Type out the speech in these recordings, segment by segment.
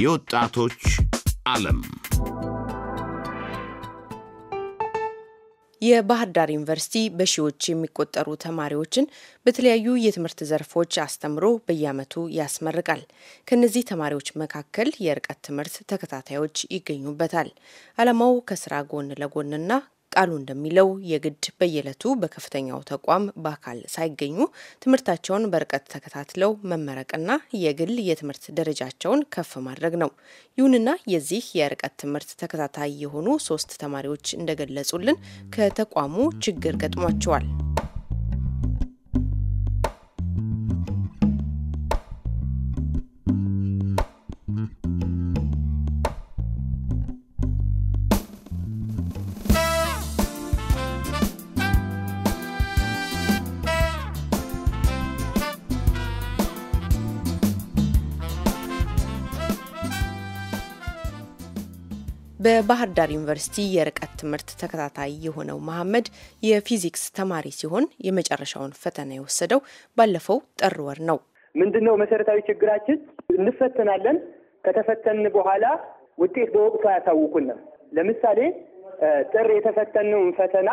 የወጣቶች ዓለም የባህር ዳር ዩኒቨርሲቲ በሺዎች የሚቆጠሩ ተማሪዎችን በተለያዩ የትምህርት ዘርፎች አስተምሮ በየዓመቱ ያስመርቃል። ከነዚህ ተማሪዎች መካከል የርቀት ትምህርት ተከታታዮች ይገኙበታል። ዓላማው ከስራ ጎን ለጎንና ቃሉ እንደሚለው የግድ በየዕለቱ በከፍተኛው ተቋም በአካል ሳይገኙ ትምህርታቸውን በርቀት ተከታትለው መመረቅና የግል የትምህርት ደረጃቸውን ከፍ ማድረግ ነው። ይሁንና የዚህ የርቀት ትምህርት ተከታታይ የሆኑ ሶስት ተማሪዎች እንደገለጹልን ከተቋሙ ችግር ገጥሟቸዋል። በባህር ዳር ዩኒቨርሲቲ የርቀት ትምህርት ተከታታይ የሆነው መሐመድ የፊዚክስ ተማሪ ሲሆን የመጨረሻውን ፈተና የወሰደው ባለፈው ጥር ወር ነው። ምንድን ነው መሰረታዊ ችግራችን? እንፈተናለን። ከተፈተን በኋላ ውጤት በወቅቱ አያሳውቁንም። ለምሳሌ ጥር የተፈተነውን ፈተና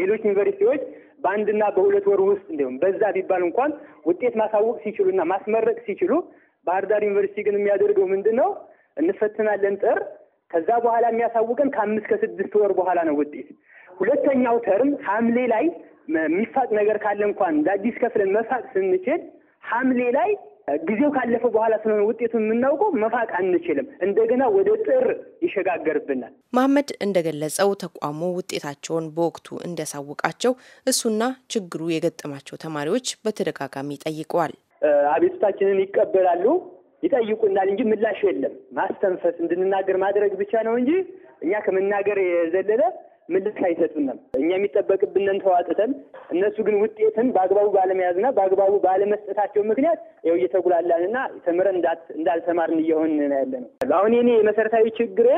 ሌሎች ዩኒቨርሲቲዎች በአንድና በሁለት ወር ውስጥ እንዲሁም በዛ ቢባል እንኳን ውጤት ማሳወቅ ሲችሉና ማስመረቅ ሲችሉ፣ ባህር ዳር ዩኒቨርሲቲ ግን የሚያደርገው ምንድን ነው? እንፈትናለን ጥር ከዛ በኋላ የሚያሳውቀን ከአምስት ከስድስት ወር በኋላ ነው ውጤት። ሁለተኛው ተርም ሐምሌ ላይ የሚፋቅ ነገር ካለ እንኳን ለአዲስ ከፍለን መፋቅ ስንችል ሐምሌ ላይ ጊዜው ካለፈ በኋላ ስለሆነ ውጤቱ የምናውቀው መፋቅ አንችልም። እንደገና ወደ ጥር ይሸጋገርብናል። መሐመድ እንደገለጸው ተቋሙ ውጤታቸውን በወቅቱ እንዲያሳውቃቸው እሱና ችግሩ የገጠማቸው ተማሪዎች በተደጋጋሚ ጠይቀዋል። አቤቱታችንን ይቀበላሉ። ይጠይቁናል እንጂ ምላሽ የለም። ማስተንፈስ እንድንናገር ማድረግ ብቻ ነው እንጂ እኛ ከመናገር የዘለለ ምላሽ አይሰጡንም። እኛ የሚጠበቅብንን ተዋጥተን፣ እነሱ ግን ውጤትን በአግባቡ ባለመያዝና በአግባቡ ባለመስጠታቸው ምክንያት ያው እየተጉላላንና ተምረን እንዳልተማርን እየሆን ያለ ነው። አሁን የኔ መሰረታዊ ችግሬ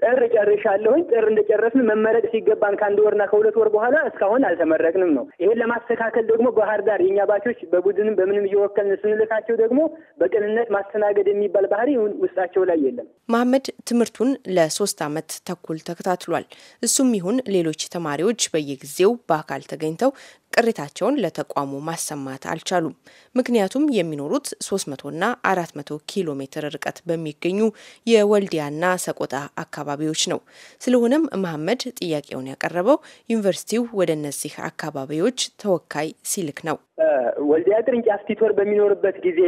ጥር ጨርሻለሁኝ። ጥር እንደጨረስን መመረቅ ሲገባን ከአንድ ወርና ከሁለት ወር በኋላ እስካሁን አልተመረቅንም ነው። ይሄን ለማስተካከል ደግሞ ባህር ዳር የእኛ ባቾች በቡድንም በምንም እየወከልን ስንልካቸው ደግሞ በቅንነት ማስተናገድ የሚባል ባህሪ ውስጣቸው ላይ የለም። መሀመድ ትምህርቱን ለሶስት አመት ተኩል ተከታትሏል። እሱም ይሁን ሲሆን ሌሎች ተማሪዎች በየጊዜው በአካል ተገኝተው ቅሬታቸውን ለተቋሙ ማሰማት አልቻሉም። ምክንያቱም የሚኖሩት 300ና 400 ኪሎ ሜትር ርቀት በሚገኙ የወልዲያና ሰቆጣ አካባቢዎች ነው። ስለሆነም መሐመድ ጥያቄውን ያቀረበው ዩኒቨርሲቲው ወደ እነዚህ አካባቢዎች ተወካይ ሲልክ ነው። ወልዲያ ቅርንጫፍ ቲቶር በሚኖርበት ጊዜ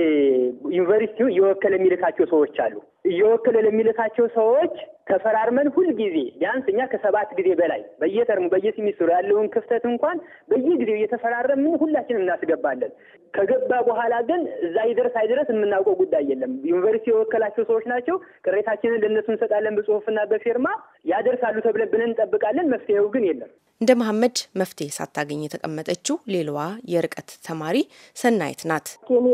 ዩኒቨርሲቲው እየወከለ የሚልካቸው ሰዎች አሉ። እየወከለ ለሚልካቸው ሰዎች ተፈራርመን ሁልጊዜ ቢያንስ እኛ ከሰባት ጊዜ በላይ በየተርሙ በየሲሚስትሩ ያለውን ክፍተት እንኳን በየጊዜው እየተፈራረምን ሁላችንም እናስገባለን። ከገባ በኋላ ግን እዛ ይደርስ አይደረስ የምናውቀው ጉዳይ የለም። ዩኒቨርሲቲ የወከላቸው ሰዎች ናቸው። ቅሬታችንን ለእነሱ እንሰጣለን በጽሁፍና በፊርማ ያደርሳሉ ተብለን ብለን እንጠብቃለን። መፍትሄው ግን የለም። እንደ መሐመድ መፍትሄ ሳታገኝ የተቀመጠችው ሌላዋ የርቀት ተማሪ ሰናይት ናት። እኔ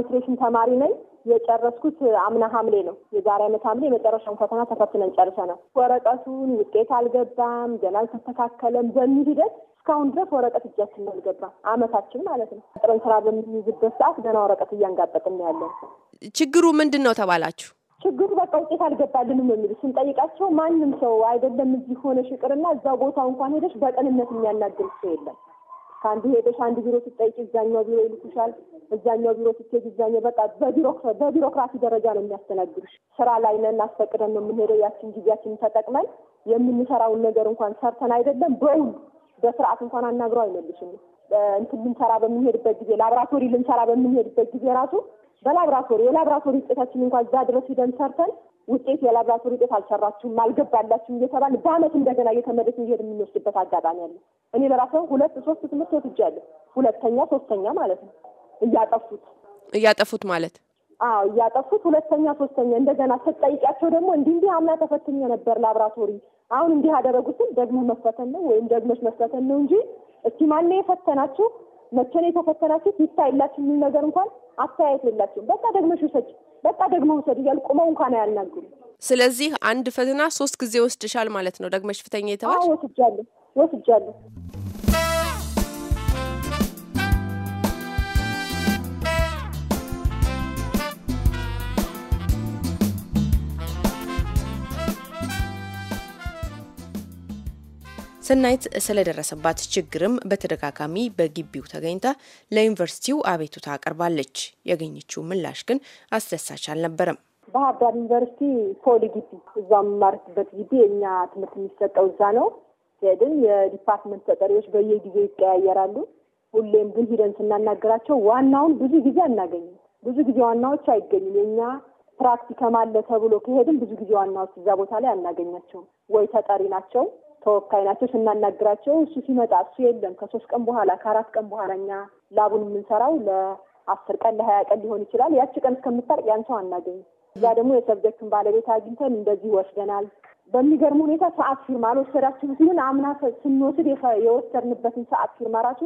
ኒትሬሽን ተማሪ ነኝ። የጨረስኩት አምና ሐምሌ ነው። የዛሬ ዓመት ሐምሌ የመጨረሻውን ፈተና ተፈትነን ጨርሰናል። ወረቀቱን ውጤት አልገባም፣ ገና አልተስተካከለም በሚል ሂደት እስካሁን ድረስ ወረቀት እጃችን አልገባም። ዓመታችን ማለት ነው። ጥረን ስራ በሚይዝበት ሰዓት ገና ወረቀት እያንጋጠጥን ያለን። ችግሩ ምንድን ነው ተባላችሁ? ችግሩ በቃ ውጤት አልገባልንም የሚሉ ስንጠይቃቸው ማንም ሰው አይደለም እዚህ ሆነሽ ይቅርና እዛ ቦታ እንኳን ሄደሽ በቅንነት የሚያናግር ሰው የለም ከአንዱ ሄደሽ አንድ ቢሮ ስትጠይቂ እዛኛው ቢሮ ይልኩሻል። እዛኛው ቢሮ ስትሄጂ እዛኛው በቃ በቢሮክራሲ ደረጃ ነው የሚያስተናግዱሽ። ስራ ላይ ነን፣ አስፈቅደን ነው የምንሄደው። ያችን ጊዜያችን ተጠቅመን የምንሰራውን ነገር እንኳን ሰርተን አይደለም በውል በስርዓት እንኳን አናግረው አይመልሽም። እንትን ልንሰራ በምንሄድበት ጊዜ ላብራቶሪ ልንሰራ በምንሄድበት ጊዜ ራሱ በላብራቶሪ የላብራቶሪ ውጤታችን እንኳን እዛ ድረስ ሂደን ሰርተን ውጤት የላብራቶሪ ውጤት አልሰራችሁም አልገባላችሁም እየተባል በአመት እንደገና እየተመደስ እየሄድ የምንወስድበት አጋጣሚ አለ። እኔ ለራሴ ሁለት ሶስት ትምህርት ወስጃለሁ። ሁለተኛ ሶስተኛ ማለት ነው እያጠፉት እያጠፉት ማለት አዎ እያጠፉት ሁለተኛ ሶስተኛ እንደገና ስትጠይቂያቸው ደግሞ እንዲህ እንዲህ አምና ተፈትኜ ነበር ላብራቶሪ አሁን እንዲህ ያደረጉትን ደግሞ መፈተን ነው ወይም ደግመች መፈተን ነው እንጂ እስቲ ማን የፈተናችሁ መቼ ነው የተፈተናችሁት ይታይላችሁ የሚል ነገር እንኳን አስተያየት የላችሁም። በቃ ደግመሽ ውሰጭ በቃ ደግሞ ውሰድ እያል ቁመው እንኳን አያናግሩም። ስለዚህ አንድ ፈተና ሶስት ጊዜ ወስድሻል ማለት ነው። ደግመሽ ፍተኛ የተባልሽ? ወስጃለሁ ወስጃለሁ። ሰናይት ስለደረሰባት ችግርም በተደጋጋሚ በግቢው ተገኝታ ለዩኒቨርሲቲው አቤቱታ አቅርባለች። ያገኘችው ምላሽ ግን አስደሳች አልነበረም። ባህር ዳር ዩኒቨርሲቲ ፖሊ ግቢ እዛ የምማርትበት ግቢ የእኛ ትምህርት የሚሰጠው እዛ ነው። ሄድን የዲፓርትመንት ተጠሪዎች በየጊዜው ይቀያየራሉ። ሁሌም ግን ሂደን ስናናገራቸው ዋናውን ብዙ ጊዜ አናገኝም። ብዙ ጊዜ ዋናዎች አይገኙም። የእኛ ፕራክቲከም አለ ተብሎ ከሄድን ብዙ ጊዜ ዋናዎች እዛ ቦታ ላይ አናገኛቸውም። ወይ ተጠሪ ናቸው ተወካይ ናቸው። ስናናግራቸው እሱ ሲመጣ እሱ የለም ከሶስት ቀን በኋላ ከአራት ቀን በኋላ እኛ ላቡን የምንሰራው ለአስር ቀን ለሀያ ቀን ሊሆን ይችላል። ያቺ ቀን እስከምታርቅ ያን ሰው አናገኝ። እዛ ደግሞ የሰብጀክትን ባለቤት አግኝተን እንደዚህ ወስደናል። በሚገርም ሁኔታ ሰዓት ፊርማ አልወሰዳችሁም ሲሉን አምና ስንወስድ የወሰድንበትን ሰዓት ፊርማ ራሱ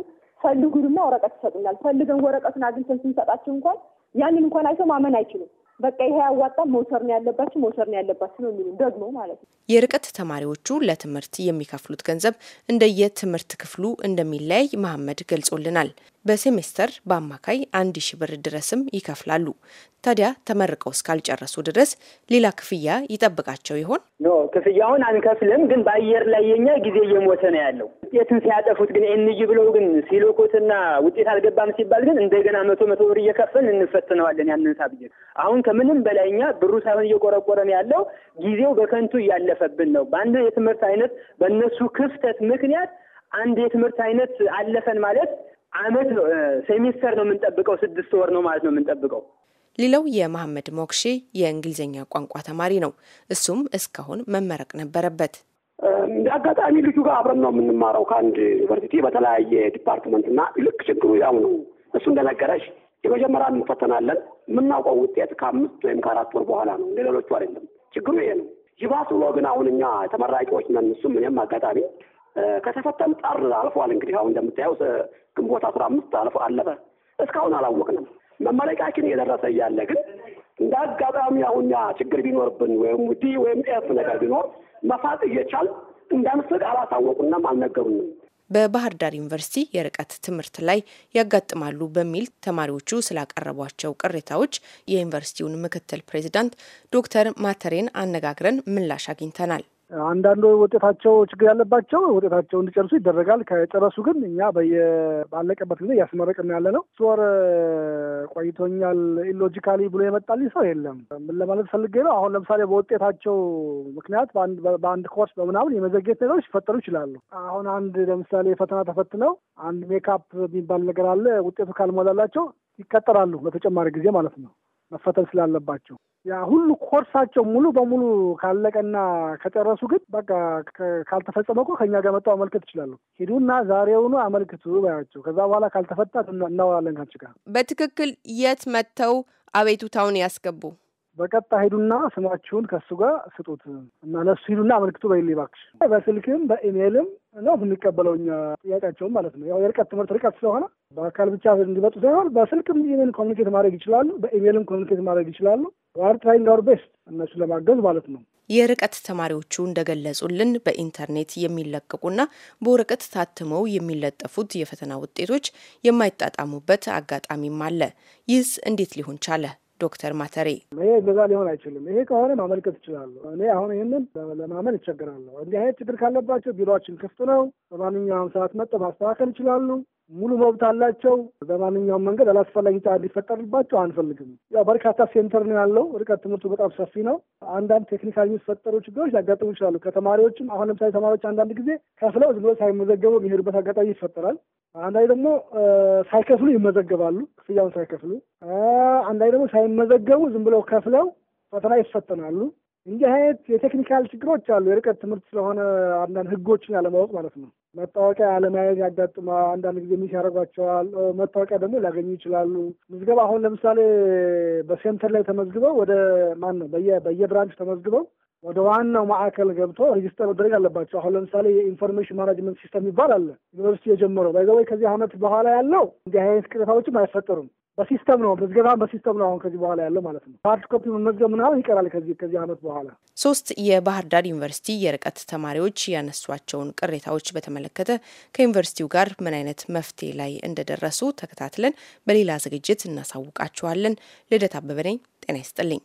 ፈልጉንና ወረቀት ይሰጡናል። ፈልገን ወረቀቱን አግኝተን ስንሰጣቸው እንኳን ያንን እንኳን አይተው ማመን አይችሉም። በቃ ይሄ ያዋጣ መውሰር ነው ያለባችሁ፣ መውሰር ነው ያለባችሁ ነው የሚሉ ደግሞ ማለት ነው። የርቀት ተማሪዎቹ ለትምህርት የሚከፍሉት ገንዘብ እንደየትምህርት ክፍሉ እንደሚለያይ መሐመድ ገልጾልናል። በሴሜስተር በአማካይ አንድ ሺ ብር ድረስም ይከፍላሉ። ታዲያ ተመርቀው እስካልጨረሱ ድረስ ሌላ ክፍያ ይጠብቃቸው ይሆን? ኖ ክፍያውን አንከፍልም፣ ግን በአየር ላይ የኛ ጊዜ እየሞተ ነው ያለው። ውጤትን ሲያጠፉት ግን ኤንጂ ብለው ግን ሲሎኮትና ውጤት አልገባም ሲባል ግን እንደገና መቶ መቶ ብር እየከፈልን እንፈትነዋለን። ያንን ሳብጀክት አሁን ከምንም በላይ እኛ ብሩ ሳይሆን እየቆረቆረን ያለው ጊዜው በከንቱ እያለፈብን ነው። በአንድ የትምህርት አይነት በእነሱ ክፍተት ምክንያት አንድ የትምህርት አይነት አለፈን ማለት አመት ነው ሴሚስተር ነው የምንጠብቀው፣ ስድስት ወር ነው ማለት ነው የምንጠብቀው። ሌላው የመሐመድ ሞክሼ የእንግሊዝኛ ቋንቋ ተማሪ ነው። እሱም እስካሁን መመረቅ ነበረበት። አጋጣሚ ልጁ ጋር አብረን ነው የምንማረው ከአንድ ዩኒቨርሲቲ በተለያየ ዲፓርትመንት እና ልክ ችግሩ ያው ነው። እሱ እንደነገረሽ የመጀመሪያ እንፈተናለን። የምናውቀው ውጤት ከአምስት ወይም ከአራት ወር በኋላ ነው፣ እንደ ሌሎቹ አይደለም። ችግሩ ይሄ ነው። ይባስ ብሎ ግን አሁን እኛ ተመራቂዎች ነን። እሱም እኔም አጋጣሚ ከተፈተን ጣር አልፏል። እንግዲህ አሁን እንደምታየው ግንቦት አስራ አምስት አልፎ አለፈ። እስካሁን አላወቅንም። መመረቂያችን እየደረሰ እያለ ግን እንደ አጋጣሚ አሁን ችግር ቢኖርብን ወይም ዲ ወይም ኤፍ ነገር ቢኖር መፋጥ እየቻል እንዳንስቅ አላሳወቁንም፣ አልነገሩንም። በባህር ዳር ዩኒቨርሲቲ የርቀት ትምህርት ላይ ያጋጥማሉ በሚል ተማሪዎቹ ስላቀረቧቸው ቅሬታዎች የዩኒቨርሲቲውን ምክትል ፕሬዚዳንት ዶክተር ማተሬን አነጋግረን ምላሽ አግኝተናል። አንዳንዱ ውጤታቸው ችግር ያለባቸው ውጤታቸው እንዲጨርሱ ይደረጋል። ከጨረሱ ግን እኛ ባለቀበት ጊዜ እያስመረቅን ያለ ነው። ወር ቆይቶኛል። ኢሎጂካሊ ብሎ የመጣልኝ ሰው የለም። ምን ለማለት ፈልጌ ነው? አሁን ለምሳሌ በውጤታቸው ምክንያት በአንድ ኮርስ በምናምን የመዘግየት ነገሮች ሊፈጠሩ ይችላሉ። አሁን አንድ ለምሳሌ ፈተና ተፈትነው አንድ ሜካፕ የሚባል ነገር አለ። ውጤቱ ካልሞላላቸው ይቀጠራሉ። በተጨማሪ ጊዜ ማለት ነው። መፈተን ስላለባቸው ያ ሁሉ ኮርሳቸው ሙሉ በሙሉ ካለቀና ከጨረሱ ግን በቃ ካልተፈጸመ እኮ ከእኛ ጋር መጣው አመልክት ይችላሉ። ሂዱና ዛሬውኑ አመልክቱ ባያቸው። ከዛ በኋላ ካልተፈታ እናወራለን ካንቺ ጋር። በትክክል የት መጥተው አቤቱታውን ያስገቡ? በቀጣ ሄዱና ስማችሁን ከእሱ ጋር ስጡት እና ለሱ ሂዱና አመልክቱ በይሌ በስልክም በኢሜይልም ነው የሚቀበለው እኛ ጥያቄያቸውን ማለት ነው። ያው የርቀት ትምህርት ርቀት ስለሆነ በአካል ብቻ እንዲመጡ ሳይሆን በስልክም ኢሜይል ኮሚኒኬት ማድረግ ይችላሉ፣ በኢሜይልም ኮሚኒኬት ማድረግ ይችላሉ። ዋር ትራይንግ አወር ቤስት እነሱ ለማገዝ ማለት ነው። የርቀት ተማሪዎቹ እንደገለጹልን በኢንተርኔት የሚለቀቁና በወረቀት ታትመው የሚለጠፉት የፈተና ውጤቶች የማይጣጣሙበት አጋጣሚም አለ። ይህስ እንዴት ሊሆን ቻለ? ዶክተር ማተሬ ይሄ እንደዛ ሊሆን አይችልም። ይሄ ከሆነ ማመልከት ይችላሉ። እኔ አሁን ይህንን ለማመን ይቸገራለሁ። እንዲህ አይነት ችግር ካለባቸው ቢሮችን ክፍት ነው። በማንኛውም ሰዓት መጠ ማስተካከል ይችላሉ። ሙሉ መብት አላቸው። በማንኛውም መንገድ አላስፈላጊ ጫና እንዲፈጠርባቸው አንፈልግም። ያው በርካታ ሴንተር ነው ያለው። ርቀት ትምህርቱ በጣም ሰፊ ነው። አንዳንድ ቴክኒካል የሚፈጠሩ ችግሮች ሊያጋጥሙ ይችላሉ። ከተማሪዎችም አሁን ለምሳሌ ተማሪዎች አንዳንድ ጊዜ ከፍለው ዝም ብሎ ሳይመዘገቡ የሚሄዱበት አጋጣሚ ይፈጠራል። አንዳንዴ ደግሞ ሳይከፍሉ ይመዘገባሉ። ክፍያውን ሳይከፍሉ፣ አንዳንዴ ደግሞ ሳይመዘገቡ ዝም ብለው ከፍለው ፈተና ይፈተናሉ። እንዲህ አይነት የቴክኒካል ችግሮች አሉ። የርቀት ትምህርት ስለሆነ አንዳንድ ህጎችን ያለማወቅ ማለት ነው። መታወቂያ አለመያዝ ያጋጥመዋል። አንዳንድ ጊዜ ሚስ ያደርጓቸዋል። መታወቂያ ደግሞ ሊያገኙ ይችላሉ። ምዝገባ አሁን ለምሳሌ በሴንተር ላይ ተመዝግበው ወደ ማን ነው በየብራንች ተመዝግበው ወደ ዋናው ማዕከል ገብቶ ሬጅስተር መደረግ አለባቸው። አሁን ለምሳሌ የኢንፎርሜሽን ማናጅመንት ሲስተም ይባል አለ ዩኒቨርሲቲ የጀመረው ባይዘወይ ከዚህ ዓመት በኋላ ያለው እንዲህ አይነት ቅሬታዎችም አይፈጠሩም። በሲስተም ነው በዝገባም በሲስተም ነው አሁን ከዚህ በኋላ ያለው ማለት ነው። ሀርድ ኮፒ መመዝገብ ምናምን ይቀራል ከዚህ ከዚህ ዓመት በኋላ። ሶስት የባህር ዳር ዩኒቨርሲቲ የርቀት ተማሪዎች ያነሷቸውን ቅሬታዎች በተመለከተ ከዩኒቨርሲቲው ጋር ምን አይነት መፍትሄ ላይ እንደደረሱ ተከታትለን በሌላ ዝግጅት እናሳውቃችኋለን። ልደት አበበ ነኝ። ጤና ይስጥልኝ።